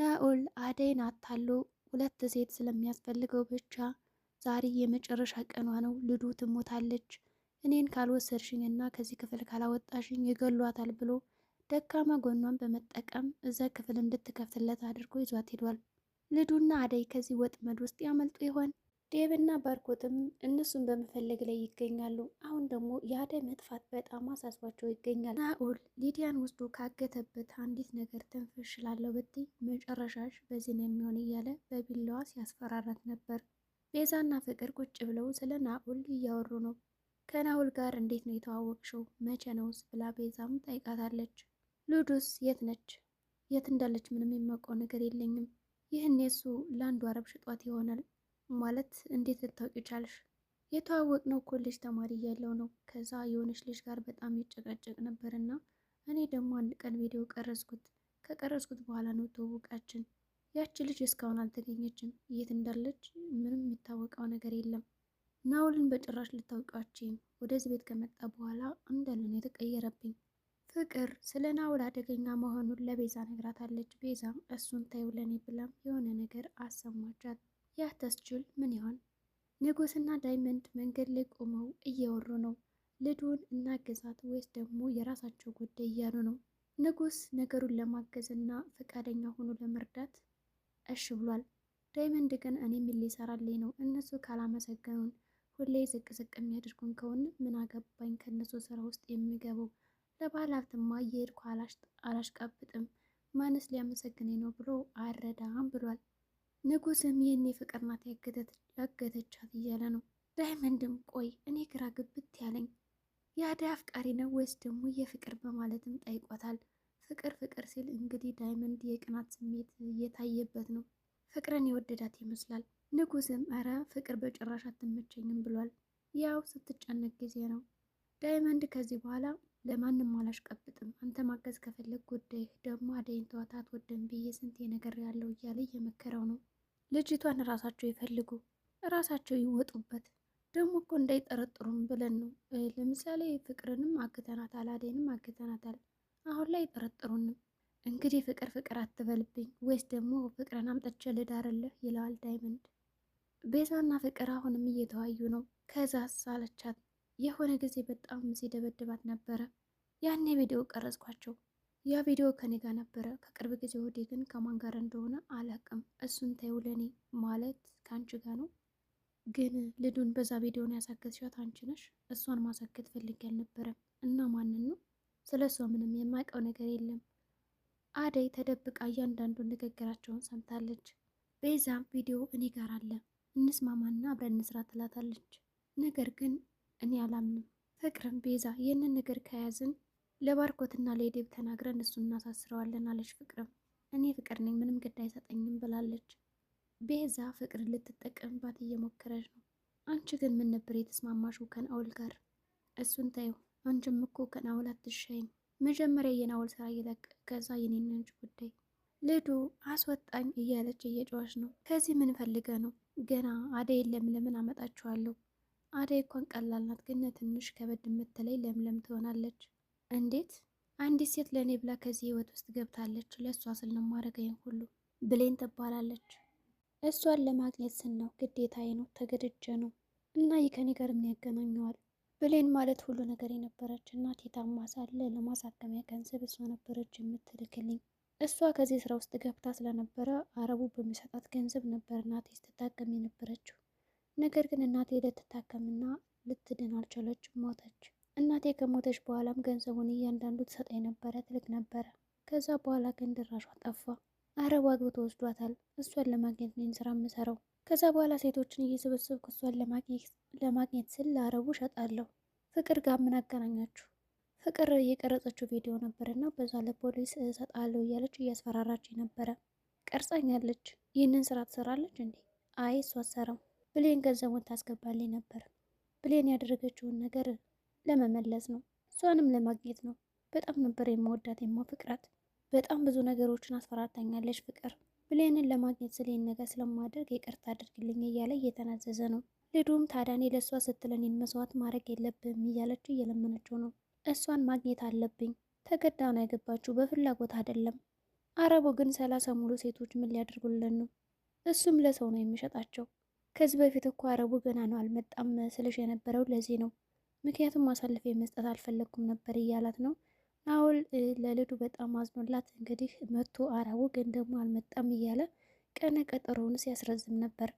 ናኦል አደይን አታሎ ሁለት ሴት ስለሚያስፈልገው ብቻ ዛሬ የመጨረሻ ቀኗ ነው፣ ልዱ ትሞታለች፣ እኔን ካልወሰድሽኝ እና ከዚህ ክፍል ካላወጣሽኝ ይገሏታል ብሎ ደካማ ጎኗን በመጠቀም እዛ ክፍል እንድትከፍትለት አድርጎ ይዟት ሄዷል። ልዱና አደይ ከዚህ ወጥመድ ውስጥ ያመልጡ ይሆን? ዴብና ባርኮትም እነሱን በመፈለግ ላይ ይገኛሉ። አሁን ደግሞ የአደይ መጥፋት በጣም አሳስባቸው ይገኛል። ናኦል ሊዲያን ወስዶ ካገተበት አንዲት ነገር ትንፍሽ ላለው ብትይ መጨረሻሽ በዚህ ነው የሚሆን እያለ በቢላዋ ሲያስፈራራት ነበር። ቤዛና ፍቅር ቁጭ ብለው ስለ ናኡል እያወሩ ነው። ከናኡል ጋር እንዴት ነው የተዋወቅሽው? መቼ ነውስ? ብላ ቤዛም ጠይቃታለች። ሉዱስ የት ነች? የት እንዳለች ምንም የማውቀው ነገር የለኝም። ይህን የሱ ለአንዱ አረብ ሽጧት ይሆናል ማለት እንዴት ልታውቂ ቻልሽ? የተዋወቅነው ኮሌጅ ተማሪ እያለሁ ነው። ከዛ የሆነች ልጅ ጋር በጣም ይጨቃጨቅ ነበር እና እኔ ደግሞ አንድ ቀን ቪዲዮ ቀረጽኩት። ከቀረጽኩት በኋላ ነው ተዋወቃችን። ያቺ ልጅ እስካሁን አልተገኘችም። የት እንዳለች ምንም የሚታወቀው ነገር የለም። ናውልን በጭራሽ ልታውቃችኝ። ወደዚህ ቤት ከመጣ በኋላ እንዳለ ነው የተቀየረብኝ። ፍቅር ስለ ናውል አደገኛ መሆኑን ለቤዛ ነግራታለች። ቤዛም እሱን ተይው ለኔ ብላም የሆነ ነገር አሰማቻት። ያ ተስጁል ምን ይሆን? ንጉስና ዳይመንድ መንገድ ላይ ቆመው እያወሩ ነው። ልዱን እና ግዛት ወይስ ደግሞ የራሳቸው ጉዳይ እያሉ ነው። ንጉስ ነገሩን ለማገዝ እና ፈቃደኛ ሆኖ ለመርዳት እሽ ብሏል። ዳይመንድ ግን እኔ ምን ሊሰራልኝ ነው? እነሱ ካላመሰገኑን ሁሌ ዝቅ ዝቅ የሚያደርጉን ከሆነ ምን አገባኝ ከእነሱ ስራ ውስጥ የሚገባው ለባህል ሀብትማ እየሄድኩ አላሽቃብጥም፣ ማንስ ሊያመሰግነኝ ነው ብሎ አረዳም ብሏል። ንጉስም ይህኔ ፍቅር ናት ያገተቻት እያለ ነው። ዳይመንድም ቆይ እኔ ግራ ግብት ያለኝ የአደይ አፍቃሪ ነው ወይስ ደግሞ የፍቅር በማለትም ጠይቋታል። ፍቅር ፍቅር ሲል እንግዲህ ዳይመንድ የቅናት ስሜት እየታየበት ነው። ፍቅርን የወደዳት ይመስላል። ንጉስም እረ ፍቅር በጭራሽ አትመቸኝም ብሏል። ያው ስትጨነቅ ጊዜ ነው። ዳይመንድ ከዚህ በኋላ ለማንም አላሽቀብጥም። አንተ ማገዝ ከፈለግ ጉዳይህ፣ ደግሞ አደይን ተዋት፣ አትወደም ብዬ ስንት ነገር ያለው እያለ እየመከረው ነው። ልጅቷን ራሳቸው ይፈልጉ፣ ራሳቸው ይወጡበት። ደግሞ እኮ እንዳይጠረጥሩም ብለን ነው። ለምሳሌ ፍቅርንም አግተናታል፣ አደይንም አግተናታል። አሁን ላይ አይጠረጥሩንም። እንግዲህ ፍቅር ፍቅር አትበልብኝ ወይስ ደግሞ ፍቅርን አምጠቼ ልዳርልህ ይለዋል ዳይመንድ። ቤዛና ፍቅር አሁንም እየተዋዩ ነው። ከዛ ሳለቻት የሆነ ጊዜ በጣም ሲደበድባት ነበረ። ያኔ ቪዲዮ ቀረጽኳቸው። ያ ቪዲዮ ከኔ ጋር ነበረ። ከቅርብ ጊዜ ወዲህ ግን ከማን ጋር እንደሆነ አላቅም። እሱን ተይው፣ ለኔ ማለት ከአንቺ ጋር ነው። ግን ልዱን በዛ ቪዲዮ ነው ያሳገዝሻት አንቺ ነሽ። እሷን ማሳገት ፈልጌ አልነበረም። እና ማንን ነው? ስለ እሷ ምንም የማውቀው ነገር የለም። አደይ ተደብቃ እያንዳንዱን ንግግራቸውን ሰምታለች። ቤዛም ቪዲዮ እኔ ጋር አለ እንስማማና አብረን እንስራ ትላታለች። ነገር ግን እኔ አላምንም። ፍቅርም ቤዛ ይህንን ነገር ከያዝን ለባርኮትና ለዴብ ተናግረን እሱ እናሳስረዋለን አለች። ፍቅርም እኔ ፍቅር ነኝ ምንም ግድ አይሰጠኝም ብላለች። ቤዛ ፍቅር ልትጠቀምባት እየሞከረች ነው። አንቺ ግን ምን ነበር የተስማማሽው ከናውል ጋር? እሱን ታዩ። አንቺም እኮ ከናውል አትሻይም። መጀመሪያ የናውል ስራ እየለቅ ከዛ የኔን ጉዳይ ልዱ አስወጣኝ እያለች እየጨዋች ነው። ከዚህ ምን ፈልገ ነው? ገና አደይን ለምለምን አመጣችኋለሁ አደይ እንኳን ቀላል ናት፣ ግን ትንሽ ከበድ የምትለይ ለምለም ትሆናለች። እንዴት አንዲት ሴት ለእኔ ብላ ከዚህ ህይወት ውስጥ ገብታለች፣ ለእሷ ስል ነው ማድረግ ሁሉ ብሌን ትባላለች። እሷን ለማግኘት ስል ነው፣ ግዴታዬ ነው፣ ተገድጀ ነው። እና ይህ ከኔ ጋር የሚያገናኘዋል ብሌን ማለት ሁሉ ነገር የነበረች እናቴ ታማ ሳለ ለማሳከሚያ ገንዘብ እሷ ነበረች የምትልክልኝ። እሷ ከዚህ ስራ ውስጥ ገብታ ስለነበረ አረቡ በሚሰጣት ገንዘብ ነበር እናቴ የነበረችው። ነገር ግን እናቴ ልትታከምና ልትድን አልቻለች፣ ሞተች። እናቴ ከሞተች በኋላም ገንዘቡን እያንዳንዱ ትሰጠኝ ነበረ፣ ትልቅ ነበረ። ከዛ በኋላ ግን ድራሿ ጠፋ። አረብ አግብቶ ወስዷታል። እሷን ለማግኘት ነው ስራ የምሰራው። ከዛ በኋላ ሴቶችን እየሰበሰብኩ እሷን ለማግኘት ስል ለአረቡ ሸጣለሁ። ፍቅር ጋር ምን አገናኛችሁ? ፍቅር እየቀረጸችው ቪዲዮ እና በዛ ለፖሊስ እሰጣለሁ እያለች እያስፈራራች ነበረ። ቀርጻኛለች። ይህንን ስራ ትሰራለች እንዴ? አይ እሷ አትሰራም። ብሌን ገንዘቡን ታስገባልኝ ነበር። ብሌን ያደረገችውን ነገር ለመመለስ ነው፣ እሷንም ለማግኘት ነው። በጣም ነበር የማወዳት የማፍቅራት። በጣም ብዙ ነገሮችን አስፈራርታኛለች ፍቅር። ብሌንን ለማግኘት ስሌን ነገር ስለማደርግ ይቅርታ አድርግልኝ እያለ እየተናዘዘ ነው። ልዱም ታዳኔ ለእሷ ስትለን መስዋዕት ማድረግ የለብም እያለችው እየለመነችው ነው። እሷን ማግኘት አለብኝ ተገዳ ነው በፍላጎት አይደለም። አረቡ ግን ሰላሳ ሙሉ ሴቶች ምን ሊያደርጉልን ነው? እሱም ለሰው ነው የሚሸጣቸው። ከዚህ በፊት እኮ አረቡ ገና ነው አልመጣም ስልሽ የነበረው ለዚህ ነው። ምክንያቱም አሳልፌ መስጠት አልፈለግኩም ነበር እያላት ነው ናኦል። ለልዱ በጣም አዝኖላት እንግዲህ መቶ አረቡ ግን ደግሞ አልመጣም እያለ ቀነ ቀጠሮውን ሲያስረዝም ነበር።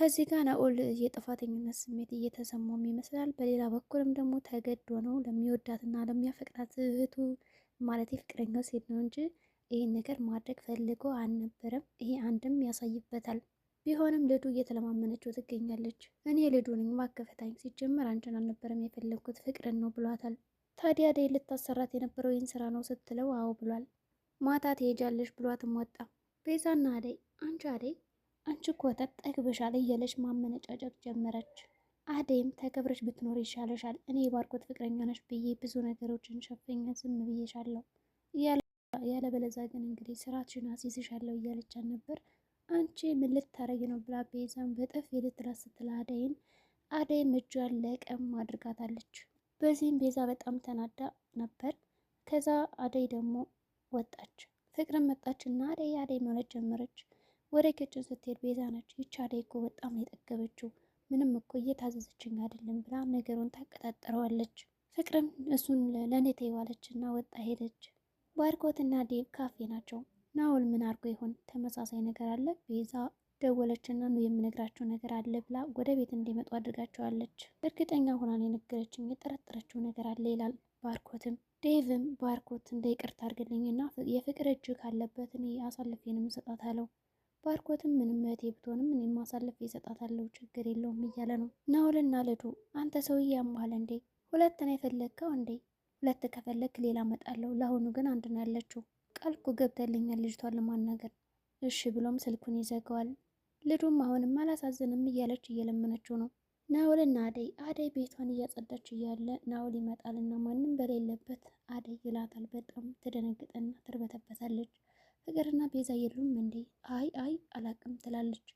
ከዚህ ጋር ናኦል የጥፋተኝነት ስሜት እየተሰማውም ይመስላል። በሌላ በኩልም ደግሞ ተገዶ ነው ለሚወዳትና ለሚያፈቅራት እህቱ ማለት ፍቅረኛው ሴት ነው እንጂ ይህን ነገር ማድረግ ፈልጎ አልነበረም። ይሄ አንድም ያሳይበታል። ቢሆንም ልዱ እየተለማመነችው ትገኛለች። እኔ ልዱ ነኝ ማከፈታኝ ሲጀምር አንቺን አልነበረም የፈለግኩት ፍቅርን ነው ብሏታል። ታዲያ አደይ ልታሰራት የነበረው ይህን ስራ ነው ስትለው አዎ ብሏል። ማታ ትሄጃለሽ ብሏትም ወጣ። ቤዛና አደይ አንቺ አደይ አንቺ ኮተት ወተት ጠግበሻል እያለች ማመነጫጨቅ ጀመረች። አደይም ተከብረሽ ብትኖር ይሻለሻል፣ እኔ የባርኮት ፍቅረኛ ነሽ ብዬ ብዙ ነገሮችን ሸፈኛ ዝም ብዬሻለሁ፣ ያለበለዛ ግን እንግዲህ ስራትሽን አስይዝሻለሁ እያለቻት ነበር። አንቺ ምን ልታረጊ ነው ብላ ቤዛን በጥፊ ትላ ስትል አደይን አደይም እጇን ለቀም አድርጋታለች። በዚህም ቤዛ በጣም ተናዳ ነበር። ከዛ አደይ ደግሞ ወጣች። ፍቅርን መጣች እና አደይ አደይ ማለት ጀመረች። ወደ ኬችን ስትሄድ ቤዛ ነች። ይች አደይ እኮ በጣም የጠገበችው ምንም እኮ እየታዘዘችኝ አይደለም ብላ ነገሩን ታቀጣጥረዋለች። ፍቅርም እሱን ለእኔ ተይዋለች እና ወጣ ሄደች። ባርኮትና ዴብ ካፌ ናቸው። ናውል ምን አድርጎ ይሆን? ተመሳሳይ ነገር አለ። ቤዛ ደወለችና ነው የምነግራቸው ነገር አለ ብላ ወደ ቤት እንዲመጡ አድርጋቸዋለች። እርግጠኛ ሆናን የነገረችኝ የጠረጠረችው ነገር አለ ይላል ባርኮትም ዴቭም ባርኮት እንደ ይቅርታ አድርግልኝና የፍቅር እጅ ካለበት እኔ አሳልፌንም እሰጣታለሁ። ባርኮትም ምንም እህቴ ብትሆንም እኔም አሳልፌ እሰጣታለሁ ችግር የለውም እያለ ነው። ናውልና ልዱ አንተ ሰውዬ ያመሃል እንዴ? ሁለት ነው የፈለግከው እንዴ? ሁለት ከፈለግክ ሌላ መጣለሁ። ለአሁኑ ግን አንድ ነው ያለችው ቃል እኮ ገብተልኛል ልጅቷን ለማናገር እሺ ብሎም ስልኩን ይዘጋዋል። ልዱም አሁንም አላሳዝንም እያለች እየለመነችው ነው። ናውልና አደይ አደይ ቤቷን እያጸዳች እያለ ናውል ይመጣልና ማንም በሌለበት አደይ ይላታል። በጣም ትደነግጠና ትርበተበታለች። ፍቅርና ቤዛ የሉም እንዴ? አይ አይ አላቅም ትላለች።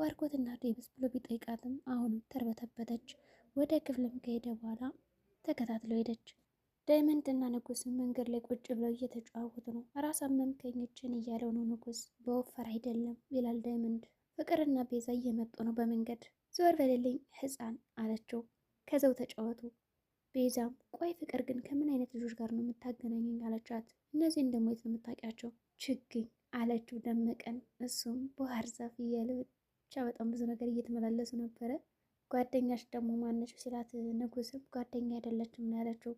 ባርኮትና ዴቪስ ብሎ ቢጠይቃትም አሁንም ተርበተበተች። ወደ ክፍልም ከሄደ በኋላ ተከታትለው ሄደች። ዳይመንድ እና ንጉስ መንገድ ላይ ቁጭ ብለው እየተጫወቱ ነው። ራስ አመምከኝ እችን እያለው ነው ንጉስ። በወፈር አይደለም ይላል ዳይመንድ። ፍቅርና ቤዛ እየመጡ ነው በመንገድ ዞር በሌለኝ ህፃን አለችው። ከዘው ተጫወቱ። ቤዛም ቆይ ፍቅር ግን ከምን አይነት ልጆች ጋር ነው የምታገናኘኝ አለቻት። እነዚህን ደግሞ የት ነው የምታውቂያቸው? ችግኝ አለችው ደመቀን። እሱም ባህር ዛፍ እያለ ብቻ በጣም ብዙ ነገር እየተመላለሱ ነበረ። ጓደኛሽ ደግሞ ማነች ሲላት፣ ንጉስም ጓደኛ አይደለችም ነው ያለችው።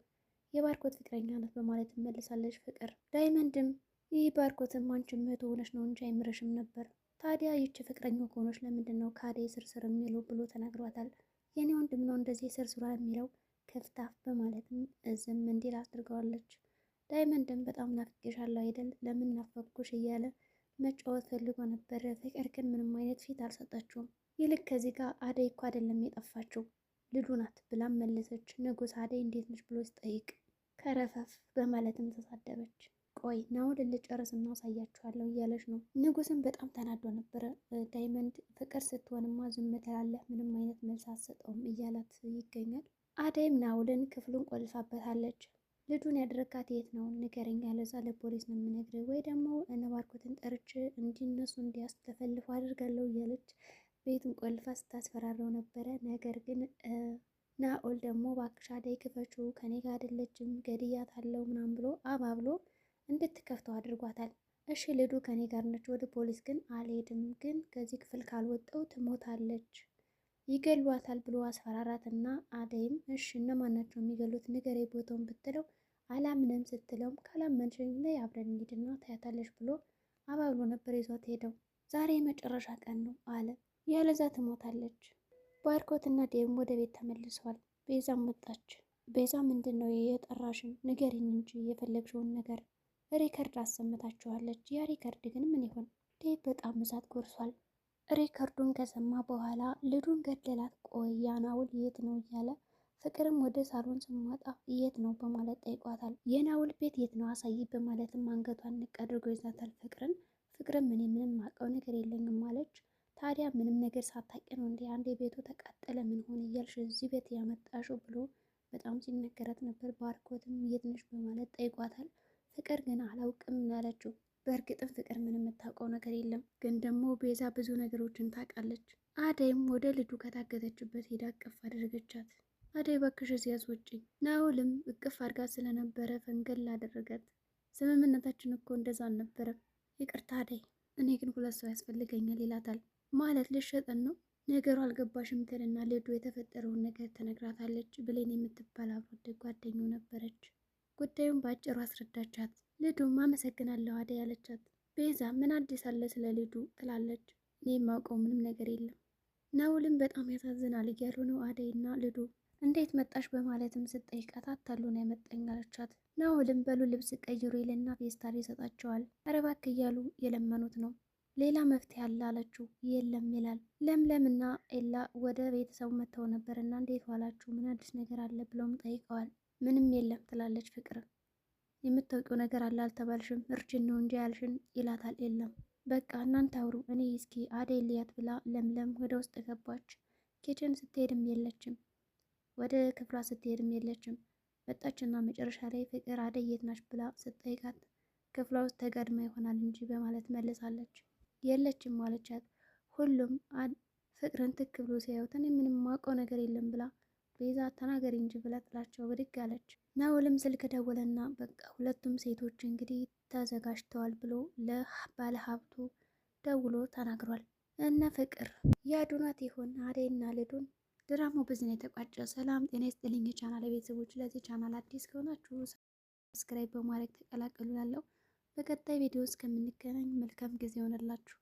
የባርኮት ፍቅረኛ ናት በማለት ትመልሳለች ፍቅር። ዳይመንድም ይህ ባርኮትም አንቺም እህቱ ሆነች ነው እንጂ አይምረሽም ነበር። ታዲያ ይቺ ፍቅረኛ ከሆነች ለምንድን ነው ካዴ ስርስር የሚለው ብሎ ተናግሯታል። የኔ ወንድም ነው እንደዚህ ስርስራ የሚለው ከፍታፍ በማለትም እዝም እንዲል አድርገዋለች። ዳይመንድም በጣም ናፍቄሻለሁ አይደል ለምን ናፈኩሽ እያለ መጫወት ፈልጎ ነበረ። ፍቅር ግን ምንም አይነት ፊት አልሰጠችውም። ይልቅ ከዚህ ጋር አደይ እኮ አይደለም የጠፋችው ልዱ ናት ብላም መለሰች። ንጉስ አደይ እንዴት ነች ብሎ ሲጠይቅ ከረፈፍ በማለትም ተሳደበች። ቆይ ናውል ልንጨርስ እና እያለች ነው። ንጉስም በጣም ተናዶ ነበረ። ዳይመንድ ፍቅር ስትሆንማ ዝም ትላለህ፣ ምንም አይነት መልስ አትሰጠውም እያላት ይገኛል። አደይም ናውልን ክፍሉን ቆልፋበታለች። ልጁን ያደረጋት የት ነው ንገረኝ፣ ያለዛ ለፖሊስ ነው የምነግርህ፣ ወይ ደግሞ እነባርኮትን ጠርቼ እንዲነሱ ተፈልፎ አድርጋለሁ እያለች ቤቱን ቆልፋ ስታስፈራረው ነበረ። ነገር ግን ናኦል ደግሞ ባክሻ ላይ ክፈቹ ከኔ ጋር አይደለችም ገድያት አለው ምናም ብሎ አባብሎ እንድትከፍተው አድርጓታል። እሺ ልዱ ከኔ ጋር ነች፣ ወደ ፖሊስ ግን አልሄድም፣ ግን ከዚህ ክፍል ካልወጣው ትሞታለች፣ ይገሏታል ብሎ አስፈራራት እና አደይም እሺ እነማን ናቸው የሚገሉት ንገሬ ቦታውን ብትለው አላምንም ስትለውም ካላመንሽኝ ላይ አብረን እንሂድና ታያታለች ብሎ አባብሎ ነበር ይዟት ሄደው። ዛሬ የመጨረሻ ቀን ነው አለ፣ ያለዛ ትሞታለች ባርኮትና ዴቭም ወደ ቤት ተመልሰዋል። ቤዛም መጣች። ቤዛ ምንድን ነው የጠራሽን? ንገሪኝ እንጂ የፈለግሽውን ነገር። ሪከርድ አሰምታችኋለች። ያ ሪከርድ ግን ምን ይሆን? ዴ በጣም እሳት ጎርሷል። ሪከርዱን ከሰማ በኋላ ልዱን ገደላት። ቆይ ያናውል የት ነው እያለ ፍቅርም ወደ ሳሎን ስማጣ የት ነው በማለት ጠይቋታል። የናውል ቤት የት ነው አሳይ በማለትም አንገቷን ንቅ አድርጎ ይዛታል። ፍቅርን ፍቅርም እኔ ምንም አውቀው ነገር የለኝም አለች። ታዲያ ምንም ነገር ሳታቂ ነው እንዴ አንዴ ቤቱ ተቃጠለ ምን ሆነ እያልሽ እዚህ ቤት ያመጣሽው ብሎ በጣም ሲነገራት ነበር። ባርኮትም የት ነሽ በማለት ጠይቋታል። ፍቅር ግን አላውቅም ያለችው። በእርግጥም ፍቅር ምን የምታውቀው ነገር የለም፣ ግን ደግሞ ቤዛ ብዙ ነገሮችን ታውቃለች። አደይም ወደ ልጁ ከታገተችበት ሄዳ እቅፍ አደረገቻት። አደይ እባክሽ እዚያ አስወጪኝ። ናውልም እቅፍ አድጋ ስለነበረ ፈንገል ላደረገት። ስምምነታችን እኮ እንደዛ አልነበረም። ይቅርታ አደይ፣ እኔ ግን ሁለት ሰው ያስፈልገኛል ይላታል። ማለት ልሸጠን ነው ነገሩ አልገባሽም ትልና ልዱ የተፈጠረውን ነገር ተነግራታለች። ብሌን የምትባል አብሮ ጓደኛው ነበረች። ጉዳዩን በአጭሩ አስረዳቻት። ልዱም አመሰግናለሁ አደይ ያለቻት። ቤዛ ምን አዲስ አለ ስለ ልዱ ትላለች። እኔ የማውቀው ምንም ነገር የለም። ናውልም በጣም ያሳዝናል እያሉ ነው አደይና ልዱ። እንዴት መጣሽ በማለትም ስጠይቃት አታሉን ያመጣኝ አለቻት። ናውልም በሉ ልብስ ቀይሩ ይልና ፌስታል ይሰጣቸዋል። አረባክ እያሉ የለመኑት ነው ሌላ መፍትሄ አለ አለችው። የለም ይላል ለምለም እና ኤላ ወደ ቤተሰቡ መጥተው ነበር እና እንዴት ዋላችሁ ምን አዲስ ነገር አለ ብለውም ጠይቀዋል። ምንም የለም ትላለች ፍቅር። የምታውቂው ነገር አለ አልተባልሽም እርጅን ነው እንጂ ያልሽን ይላታል። የለም በቃ እናንተ አውሩ እኔ እስኪ አደይ ልያት ብላ ለምለም ወደ ውስጥ ገባች። ኬችን ስትሄድም የለችም፣ ወደ ክፍሏ ስትሄድም የለችም። መጣችና መጨረሻ ላይ ፍቅር አደይ የት ናች ብላ ስትጠይቃት ክፍሏ ውስጥ ተጋድማ ይሆናል እንጂ በማለት መልሳለች። የለችም አለቻት። ሁሉም ፍቅርን ትክ ብሎ ሲያዩት እኔ ምንም ማውቀው ነገር የለም ብላ ቤዛ ተናገሪ እንጂ ብላ ጥላቸው ብድግ አለች። ናውልም ስልክ ደወለና በቃ ሁለቱም ሴቶች እንግዲህ ተዘጋጅተዋል ብሎ ለባለ ሀብቱ ደውሎ ተናግሯል። እነ ፍቅር የአዶናት ይሆን አደይና ልዱን ድራማው በዚህ ነው የተቋጨ። ሰላም ጤና ይስጥልኝ የቻናል ቤተሰቦች። ለዚህ ቻናል አዲስ ከሆናችሁ ሰብስክራይብ በማድረግ ተቀላቀሉ። ያለው በቀጣይ ቪዲዮ እስከምንገናኝ መልካም ጊዜ ይሆንላችሁ።